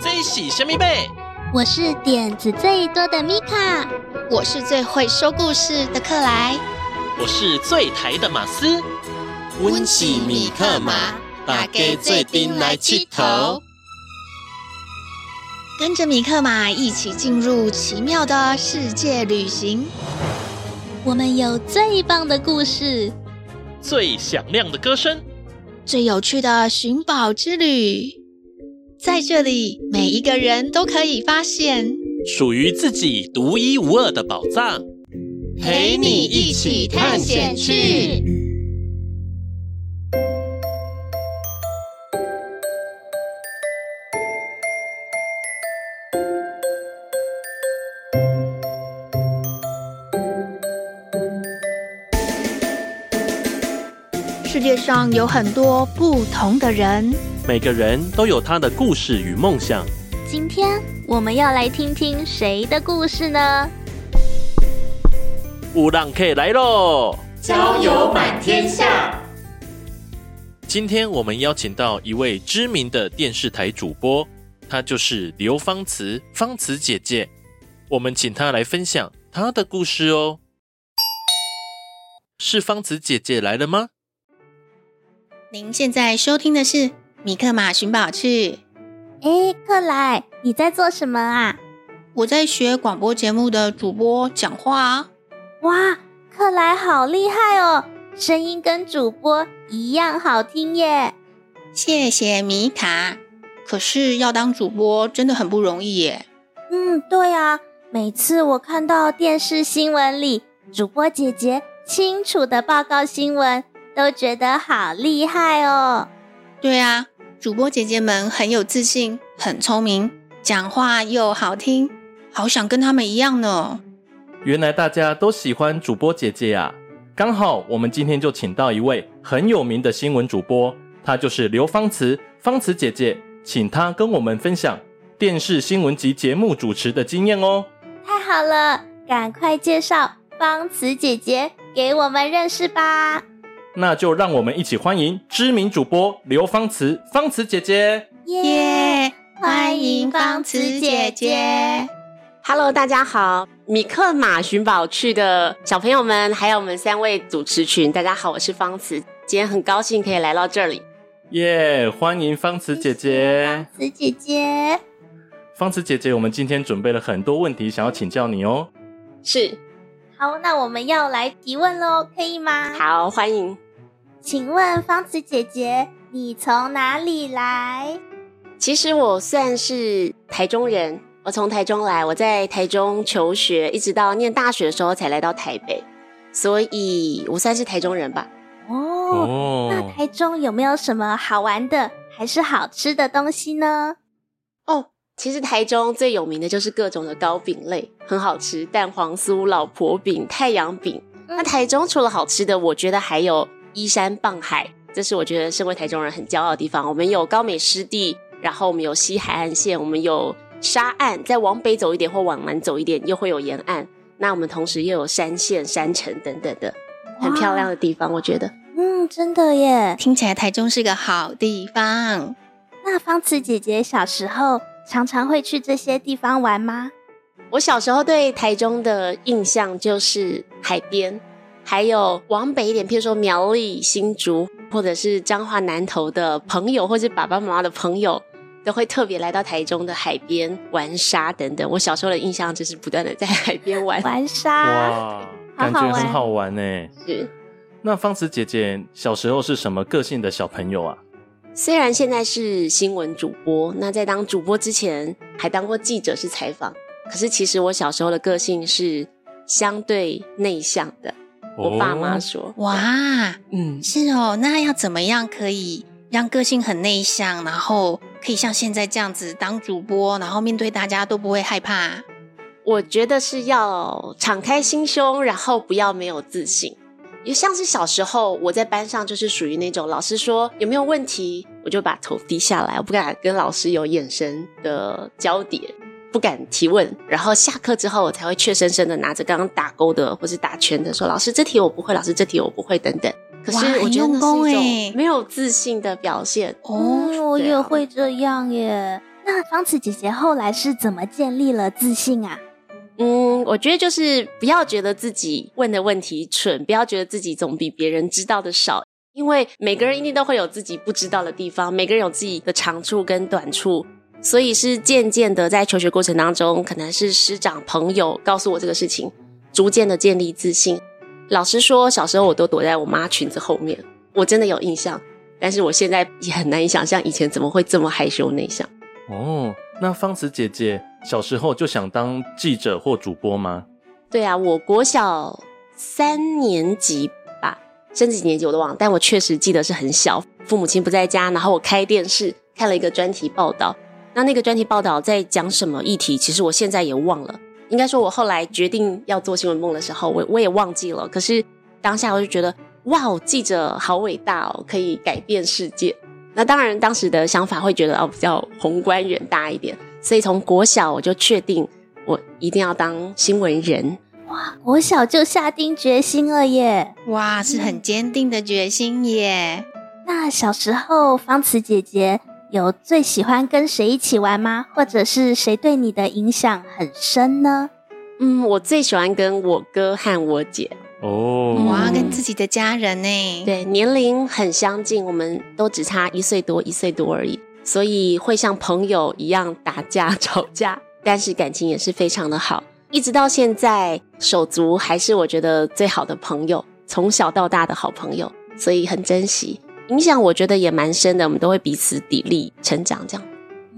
最喜神秘貝，是我是點子最多的米卡，我是最會說故事的克萊，我是最台的馬斯，溫是米克馬把給最近來起頭，跟着米克馬一起進入奇妙的世界旅行，我們有最棒的故事，最響亮的歌聲，最有趣的尋寶之旅。在這裡，每一個人都可以發現屬於自己獨一無二的寶藏，陪你一起探險去。世界上有很多不同的人。每個人都有他的故事與夢想。今天我們要來聽聽誰的故事呢？吳浪 K 來嘍！交友滿天下。今天我們邀請到一位知名的電視台主播，她就是劉方慈，方慈姐姐。我們請她來分享她的故事哦。是方慈姐姐來了嗎？您現在收聽的是。米克馬尋寶趣，哎，克萊，你在做什麼啊？我在學廣播節目的主播講話啊。哇，克萊好厲害哦，聲音跟主播一樣好聽耶！謝謝米卡。可是要當主播真的很不容易耶。嗯，對啊，每次我看到電視新聞裡主播姐姐清楚的報告新聞，都覺得好厲害哦。對啊。主播姐姐們很有自信，很聰明，講話又好聽，好想跟他們一樣呢。原來大家都喜歡主播姐姐啊！剛好我們今天就請到一位很有名的新聞主播，她就是劉方慈，方慈姐姐，請她跟我們分享電視新聞及節目主持的經驗哦。太好了，趕快介紹方慈姐姐給我們認識吧。那就讓我們一起歡迎知名主播劉方慈，方慈姐姐。耶，yeah, 歡迎方慈姐姐。Hello，大家好，米克馬尋寶趣的小朋友們，還有我們三位主持群，大家好，我是方慈，今天很高興可以來到這裡。耶，yeah, 歡迎方慈姐姐。方慈姐姐，方慈姐姐，我們今天準備了很多問題，想要請教你哦。是，好，那我們要來提問咯，可以嗎？好，歡迎。請問方慈姐，姐姐，你從哪裡來？其實我算是台中人，我從台中來，我在台中求學，一直到念大學的時候才來到台北，所以我算是台中人吧。哦，哦，那台中有沒有什麼好玩的，還是好吃的東西呢？哦，其實台中最有名的就是各種的糕餅類，很好吃，蛋黃酥、老婆餅、太陽餅。那台中除了好吃的，我覺得還有。依山傍海，這是我覺得身為台中人很驕傲的地方。我們有高美濕地，然後我們有西海岸線，我們有沙岸。再往北走一點或往南走一點，又會有沿岸。那我們同時又有山線、山城等等的，哇很漂亮的地方。我覺得，嗯，真的耶，聽起來台中是個好地方。那方慈姐姐小時候常常會去這些地方玩嗎？我小時候對台中的印象就是海邊。還有往北一點，譬如說苗栗、新竹，或者是彰化南投的朋友，或者是爸爸媽媽的朋友，都會特別來到台中的海邊玩沙等等。我小時候的印象就是不斷的在海邊玩、玩沙。哇，好好玩，感覺很好玩呢！是，是。那方慈姐姐小時候是什麼個性的小朋友啊？雖然現在是新聞主播，那在當主播之前還當過記者，是採訪。可是其實我小時候的個性是相對內向的。我爸媽說：“ Oh. 哇，嗯，是哦，那要怎麼樣可以讓個性很內向，然後可以像現在這樣子當主播，然後面對大家都不會害怕？我覺得是要敞開心胸，然後不要沒有自信。也像是小時候我在班上，就是屬於那種老師說有沒有問題，我就把頭低下來，我不敢跟老師有眼神的交點。”不敢提問，然後下課之後我才會怯生生的拿着剛剛打勾的或是打圈的，說老師這題我不會，老師這題我不會等等。可是我覺得是一種沒有自信的表現。哦、嗯，我也會這樣耶。那方慈姐姐後來是怎麼建立了自信啊？嗯，我覺得就是不要覺得自己問的問題蠢，不要覺得自己總比別人知道的少，因為每個人一定都會有自己不知道的地方，每個人有自己的長處跟短處。所以是漸漸的，在求學過程當中，可能是師長朋友告訴我這個事情，逐漸的建立自信。老實說，小時候我都躲在我媽裙子後面，我真的有印象。但是我現在也很難以想象以前怎麼會這麼害羞內向。哦，那方慈姐姐小時候就想當記者或主播嗎？對啊，我國小三年級吧，升幾年級我都忘了，但我確實記得是很小，父母親不在家，然後我開電視看了一個專題報道。那那個專題報道在講什麼議題？其實我現在也忘了。應該說，我後來決定要做新聞夢的時候，我我也忘記了。可是當下我就覺得，哇，記者好偉大哦，可以改變世界。那當然，當時的想法會覺得哦，比較宏觀遠大一點。所以從國小我就確定，我一定要當新聞人。哇，國小就下定決心了耶！哇，是很堅定的決心耶。嗯。那小時候，方慈姐姐，有最喜歡跟誰一起玩嗎？或者是誰對你的影響很深呢？嗯，我最喜歡跟我哥和我姐哦。我要、oh. 嗯、跟自己的家人呢？對，年齡很相近，我們都只差一歲多，一歲多而已，所以會像朋友一樣打架吵架，但是感情也是非常的好，一直到現在手足還是我覺得最好的朋友，從小到大的好朋友，所以很珍惜。影響我覺得也蠻深的，我們都會彼此砥礪成長，這樣。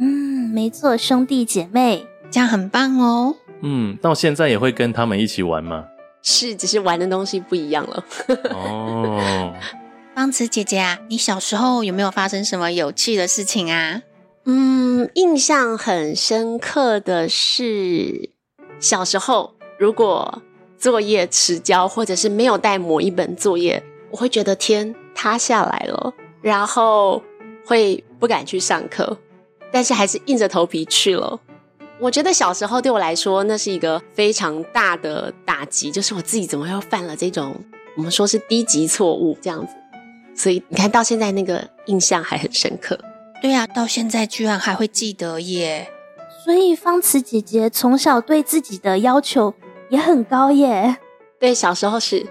嗯，沒錯，兄弟姐妹這樣很棒哦。嗯，到現在也會跟他們一起玩嗎？是，只是玩的東西不一樣了。 哦，方慈姐姐啊，你小時候有沒有發生什麼有趣的事情啊？嗯，印象很深刻的是，小時候如果作業遲交或者是沒有帶某一本作業，我會覺得天。塌下來了，然後會不敢去上課，但是還是硬着頭皮去了。我覺得小時候對我來說，那是一個非常大的打擊，就是我自己怎麼又犯了這種我們說是低級錯誤這樣子。所以你看到現在那個印象還很深刻。對啊，到現在居然還會記得耶。所以方慈姐姐從小對自己的要求也很高耶。對，小時候是，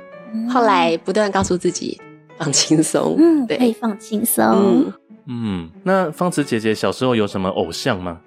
後來不斷告訴自己。放輕鬆，嗯，對，可以放輕鬆，嗯，嗯，那方慈姐姐小時候有什麼偶像嗎？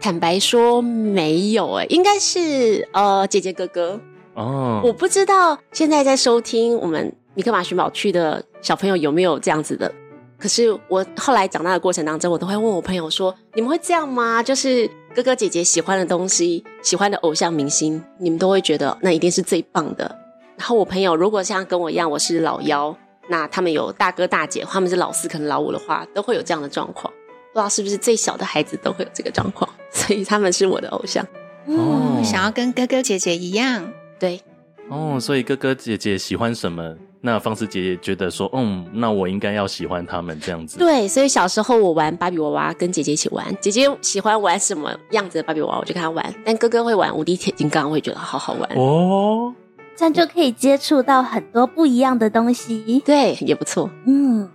坦白說沒有，欸，哎，應該是呃，姐姐哥哥哦，我不知道現在在收聽我們米克馬尋寶趣的小朋友有沒有這樣子的。可是我後來長大的過程當中，我都會問我朋友說，你們會這樣嗎？就是哥哥姐姐喜歡的東西，喜歡的偶像明星，你們都會覺得那一定是最棒的。然後我朋友如果像跟我一樣，我是老幺。那他們有大哥大姐，他們是老四，可能老五的話，都會有這樣的狀況。不知道是不是最小的孩子都會有這個狀況，所以他們是我的偶像。嗯，嗯，想要跟哥哥姐姐一樣，對。哦，所以哥哥姐姐喜歡什麼，那方慈姐姐覺得說，嗯，那我應該要喜歡他們這樣子。對，所以小時候我玩芭比娃娃，跟姐姐一起玩，姐姐喜歡玩什麼樣子的芭比娃娃，我就跟她玩。但哥哥會玩無敵鐵金剛，我也覺得好好玩。哦。這樣就可以接觸到很多不一樣的東西，對，也不錯。嗯，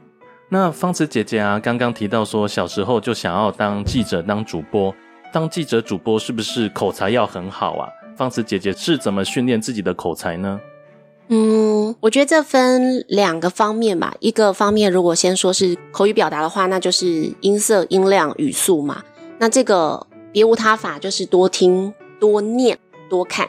那方慈姐姐啊，剛剛提到說小時候就想要當記者、當主播，當記者、主播是不是口才要很好啊？方慈姐姐是怎麼訓練自己的口才呢？嗯，我覺得這分兩個方面吧，一個方面如果先說是口語表達的話，那就是音色、音量、語速嘛。那這個別無他法，就是多聽、多念、多看。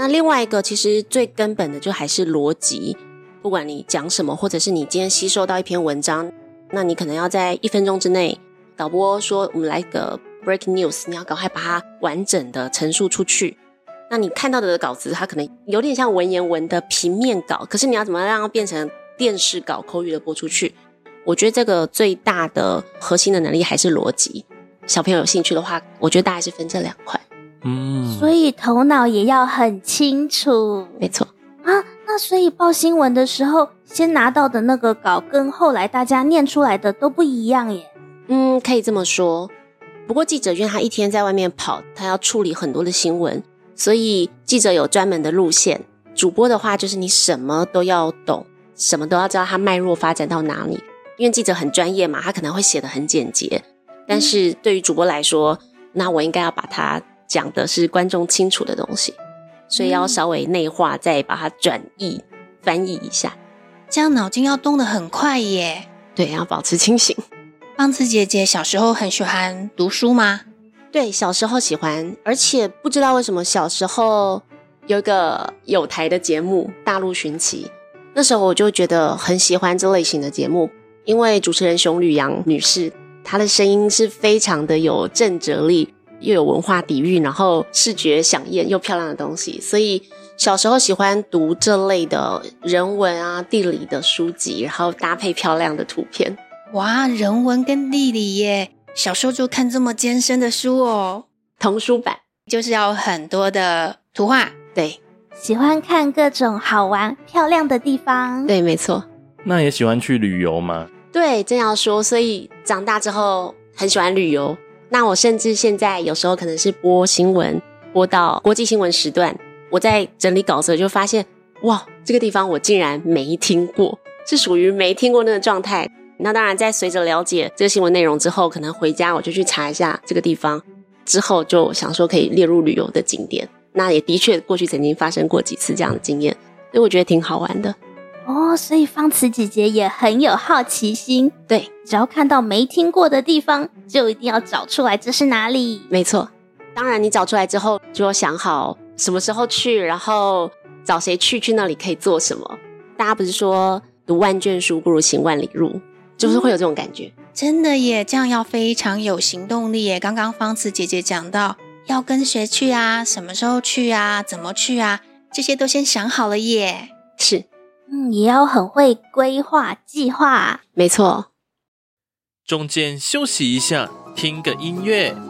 那另外一個其實最根本的就還是邏輯，不管你講什麼，或者是你今天吸收到一篇文章，那你可能要在一分鐘之內，導播說我們來個 breaking news，你要趕快把它完整的陳述出去。那你看到的稿子，它可能有點像文言文的平面稿，可是你要怎麼讓它變成電視稿、口語的播出去？我覺得這個最大的核心的能力還是邏輯。小朋友有興趣的話，我覺得大概是分這兩塊。嗯，所以頭腦也要很清楚，沒錯啊。那所以報新聞的時候，先拿到的那個稿跟後來大家念出來的都不一樣耶。嗯，可以這麼說。不過記者因為他一天在外面跑，他要處理很多的新聞，所以記者有專門的路線。主播的話，就是你什麼都要懂，什麼都要知道，他脈絡發展到哪裡。因為記者很專業嘛，他可能會寫得很簡潔，但是對於主播來說，嗯、那我應該要把它。講的是觀眾清楚的東西，所以要稍微內化，嗯、再把它轉譯、翻譯一下，這樣腦筋要動得很快耶。對，要保持清醒。方慈姐姐小時候很喜歡讀書嗎？對，小時候喜歡，而且不知道為什麼小時候有一個有台的節目《大陸尋奇》，那時候我就覺得很喜歡這類型的節目，因為主持人熊旅揚女士，她的聲音是非常的有震懾力。又有文化底蘊，然後視覺饗宴又漂亮的東西，所以小時候喜歡讀這類的人文啊、地理的書籍，然後搭配漂亮的圖片。哇，人文跟地理耶，小時候就看這麼艱深的書哦。童書版就是要很多的圖畫。對，喜歡看各種好玩、漂亮的地方。對，沒錯。那也喜歡去旅遊嗎？對，正要說，所以長大之後很喜歡旅遊。那我甚至現在有時候可能是播新聞，播到國際新聞時段，我在整理稿子就發現，哇，這個地方我竟然沒聽過，是屬於沒聽過那個狀態。那當然在隨着了解這個新聞內容之後，可能回家我就去查一下這個地方，之後就想說可以列入旅遊的景點。那也的確過去曾經發生過幾次這樣的經驗，所以我覺得挺好玩的。哦，oh, 所以方慈姐姐也很有好奇心。對，只要看到沒聽過的地方，就一定要找出來這是哪裡。沒錯，當然你找出來之後，就要想好什麼時候去，然後找誰去，去那裡可以做什麼。大家不是說讀萬卷書不如行萬里路，就是會有這種感覺。嗯。真的耶，這樣要非常有行動力耶。剛剛方慈姐姐講到要跟誰去啊，什麼時候去啊，怎麼去啊，這些都先想好了耶。是。嗯，也要很會規劃計劃，沒錯。中間休息一下，聽個音樂。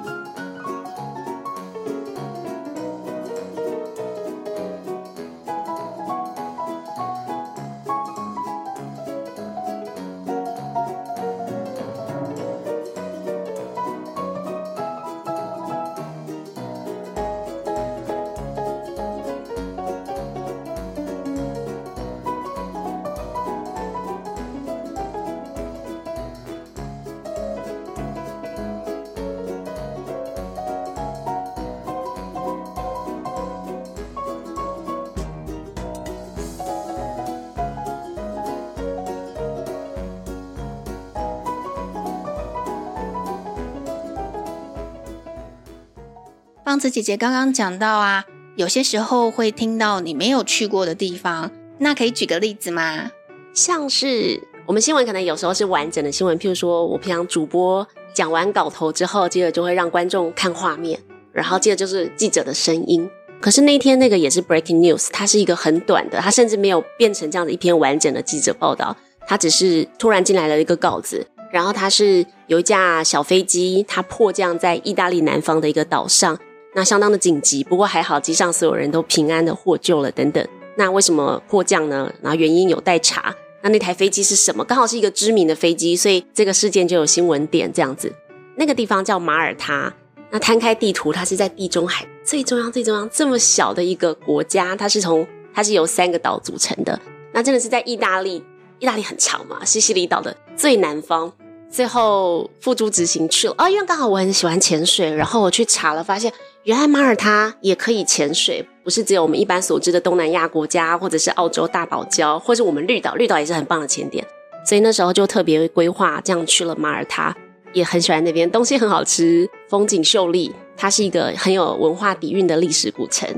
方慈姐姐剛剛講到啊，有些時候會聽到你沒有去過的地方，那可以舉個例子嗎？像是我們新聞可能有時候是完整的新聞，譬如說我平常主播講完稿頭之後，接着就會讓觀眾看畫面，然後接着就是記者的聲音。可是那一天那個也是 breaking news，它是一個很短的，它甚至沒有變成這樣的一篇完整的記者報道，它只是突然進來了一個稿子，然後它是有一架小飛機，它迫降在意大利南方的一個島上。那相當的緊急，不過還好，機上所有人都平安的獲救了。等等，那為什麼迫降呢？然後原因有待查。那那台飛機是什麼？剛好是一個知名的飛機，所以這個事件就有新聞點。這樣子，那個地方叫馬爾他。那攤開地圖，它是在地中海最中，最中央、最中央這麼小的一個國家，它是從它是由三個島組成的。那真的是在意大利，意大利很長嘛，西西里島的最南方。最後付諸執行去了啊，哦，因為剛好我很喜歡潛水，然後我去查了，發現原來馬爾他也可以潛水，不是只有我們一般所知的東南亞國家，或者是澳洲大堡礁，或者是我們綠島，綠島也是很棒的潛點。所以那時候就特別規劃這樣去了馬爾他，也很喜歡那邊東西很好吃，風景秀麗，它是一個很有文化底蘊的歷史古城。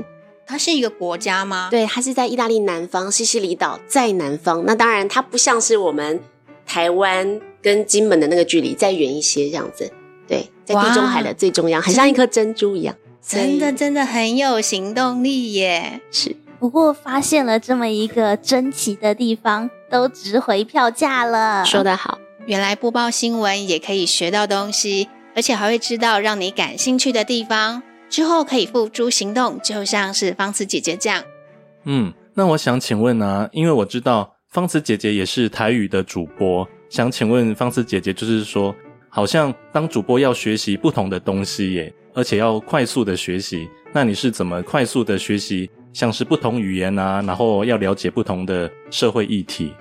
它是一個國家嗎？對，它是在意大利南方，西西里島在南方。那當然，它不像是我們台灣。跟金門的那個距離再遠一些，這樣子，對，在地中海的最中央，哇很像一顆珍珠一樣，真的，所以真的，真的很有行動力耶！是，不過發現了這麼一個珍奇的地方，都值回票價了。說得好，原來播報新聞也可以學到東西，而且還會知道讓你感興趣的地方，之後可以付諸行動，就像是方慈姐姐這樣。嗯，那我想請問啊，因為我知道方慈姐姐也是台語的主播。想請問方慈姐姐，就是說，好像當主播要學習不同的東西耶，而且要快速的學習，那你是怎麼快速的學習？像是不同語言啊，然後要了解不同的社會議題。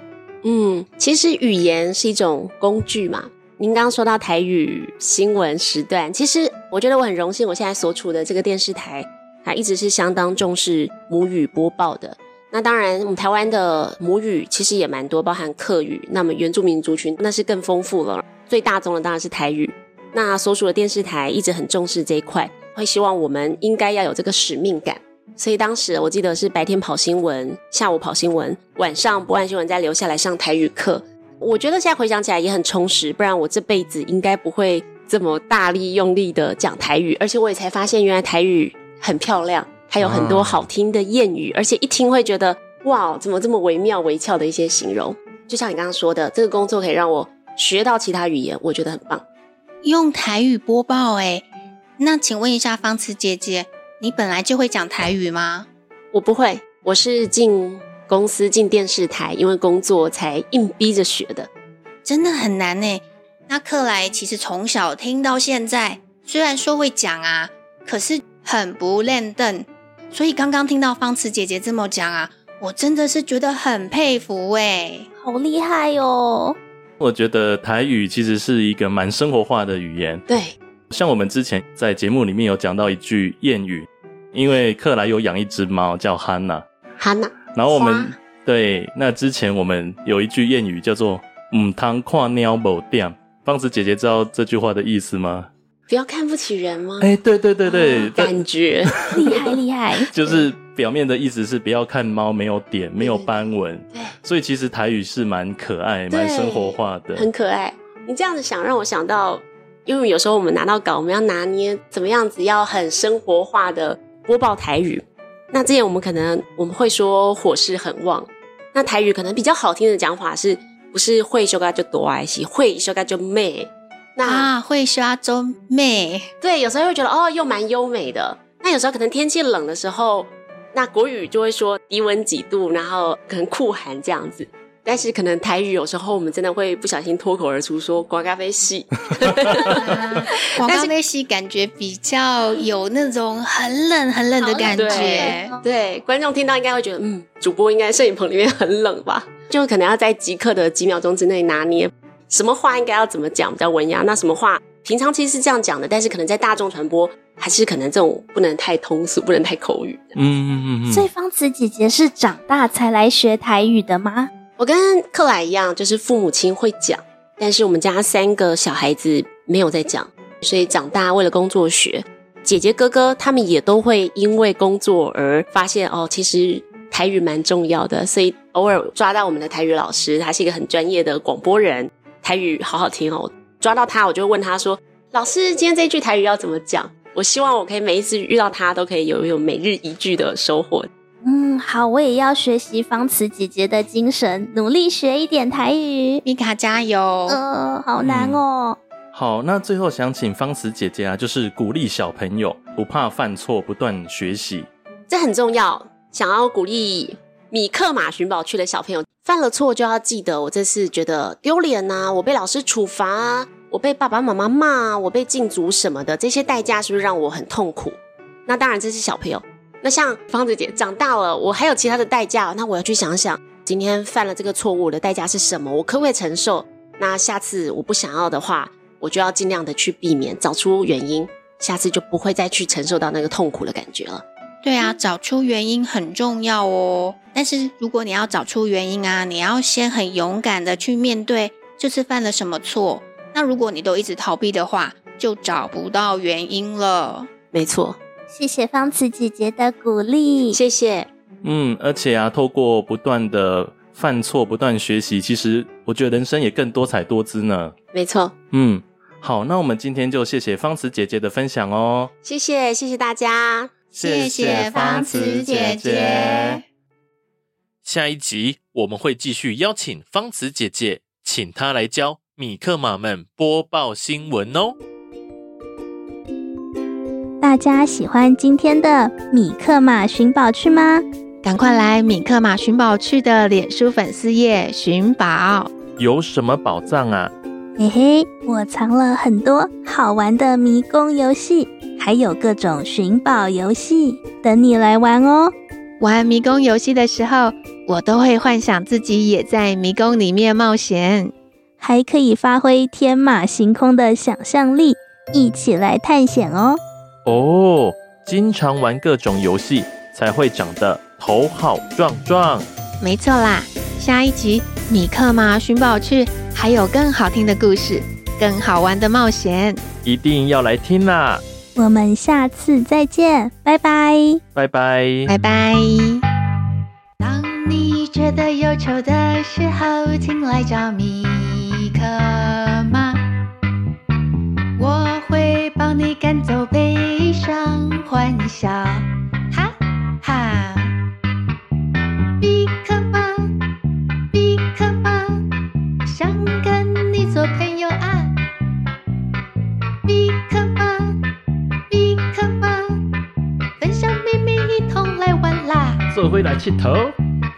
嗯，其實語言是一種工具嘛。您剛剛說到台語新聞時段，其實我覺得我很榮幸，我現在所處的這個電視台，它一直是相當重視母語播報的。那當然，我們台灣的母語其實也蠻多，包含客語。那麼原住民族群那是更豐富了。最大宗的當然是台語。那所屬的電視台一直很重視這一塊，會希望我們應該要有這個使命感。所以當時我記得是白天跑新聞，下午跑新聞，晚上播完新聞再留下來上台語課。我覺得現在回想起來也很充實，不然我這輩子應該不會這麼大力用力的講台語。而且我也才發現，原來台語很漂亮。還有很多好聽的諺語，而且一聽會覺得哇，怎麼這麼惟妙惟肖的一些形容？就像你剛剛說的，這個工作可以讓我學到其他語言，我覺得很棒。用台語播報，哎，那請問一下方慈姐姐，你本來就會講台語嗎？我不會，我是進公司進電視台，因為工作才硬逼着學的，真的很難呢！那克萊其實從小聽到現在，雖然說會講啊，可是很不輪轉。所以剛剛聽到方慈姐姐這麼講啊，我真的是覺得很佩服，欸，哎，好厲害哦！我覺得台語其實是一個蠻生活化的語言，對。像我們之前在節目裡面有講到一句諺語，因為克萊有養一隻貓叫 Hanna。Hanna，然後我們啥對，那之前我們有一句諺語叫做“嗯，湯跨鳥某店”。方慈姐姐知道這句話的意思嗎？不要看不起人嗎？哎、欸，對對對對，啊、感覺這厲害厲害。 就是表面的意思是不要看貓沒有點對沒有斑紋，對。所以其實台語是蠻可愛、對蠻生活化的，很可愛。你這樣子想讓我想到，因為有時候我們拿到稿，我們要拿捏怎麼樣子，要很生活化的播報台語。那之前我們可能我們會說火勢很旺，那台語可能比較好聽的講法是不是會修改就多愛惜，會修改就妹。那、啊、會刷中美，對，有時候會覺得哦，又蠻優美的。那有時候可能天氣冷的時候，那國語就會說“低溫幾度”，然後可能酷寒這樣子。但是可能台語有時候我們真的會不小心脫口而出說“廣、嗯、咖啡西”，但、 啊、咖啡西感覺比較有那種很冷很冷的感覺。對，對，對，觀眾聽到應該會覺得，嗯，主播應該攝影棚裡面很冷吧？就可能要在即刻的幾秒鐘之內拿捏。什麼話應該要怎麼講比較文雅？那什麼話平常其實是這樣講的，但是可能在大眾傳播還是可能這種不能太通俗，不能太口語嗯。嗯嗯嗯。所以方慈姐姐是長大才來學台語的嗎？我跟克萊一樣，就是父母親會講，但是我們家三個小孩子沒有在講，所以長大為了工作學。姐姐哥哥他們也都會因為工作而發現哦，其實台語蠻重要的，所以偶爾抓到我們的台語老師，他是一個很專業的廣播人。台語好好聽哦！抓到他，我就會問他說：“老師，今天這句台語要怎麼講？”我希望我可以每一次遇到他，都可以有有每日一句的收穫。嗯，好，我也要學習方慈姐姐的精神，努力學一點台語。米卡加油！嗯、呃，好難哦、嗯。好，那最後想請方慈姐姐啊，就是鼓勵小朋友不怕犯錯，不斷學習，這很重要。想要鼓勵。米克馬尋寶趣的小朋友犯了錯就要記得，我這次覺得丟臉啊，我被老師處罰啊，我被爸爸媽媽罵啊，我被禁足什麼的，這些代價是不是讓我很痛苦？那當然，這是小朋友。那像方慈姐長大了，我還有其他的代價，那我要去想想，今天犯了這個錯誤的代價是什麼，我可不可以承受？那下次我不想要的話，我就要盡量的去避免，找出原因，下次就不會再去承受到那個痛苦的感覺了。對啊，找出原因很重要哦。但是如果你要找出原因啊，你要先很勇敢的去面對，這次犯了什麼錯？那如果你都一直逃避的話，就找不到原因了。沒錯，謝謝方慈姐姐的鼓勵，謝謝。嗯，而且啊，透過不斷的犯錯、不斷學習，其實我覺得人生也更多彩多姿呢。沒錯，嗯，好，那我們今天就謝謝方慈姐姐的分享哦。謝謝，謝謝大家。謝謝方慈姐姐。下一集我們會繼續邀請方慈姐姐，請她來教米克馬們播報新聞哦。大家喜歡今天的米克馬尋寶趣嗎？趕快來米克馬尋寶趣的臉書粉絲頁尋寶，有什麼寶藏啊？嘿嘿，我藏了很多好玩的迷宮遊戲，還有各種尋寶遊戲等你來玩哦。玩迷宮遊戲的時候，我都會幻想自己也在迷宮裡面冒險，還可以發揮天馬行空的想象力，一起來探險哦。哦，經常玩各種遊戲才會長得頭好壯壯。沒錯啦，下一集米克馬尋寶去。還有更好聽的故事，更好玩的冒險，一定要來聽吶、啊！我們下次再見，拜拜，拜拜 bye，拜拜 bye。當你覺得憂愁的時候，請來找米克馬，我會幫你趕走悲傷，歡笑。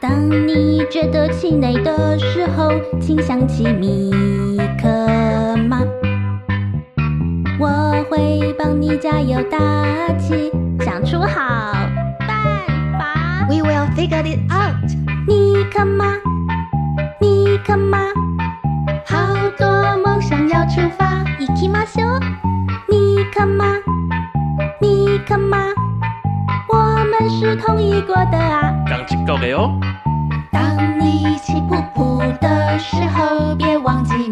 當你覺得氣餒的時候，請想起米克馬，我會幫你加油打氣，想出好辦法。拜拜 We will figure it out。米克馬，米克馬，好多夢想要出發。一起冒險喔，米克馬，米克馬。是同意過的啊。當你氣噗噗的時候，別忘記。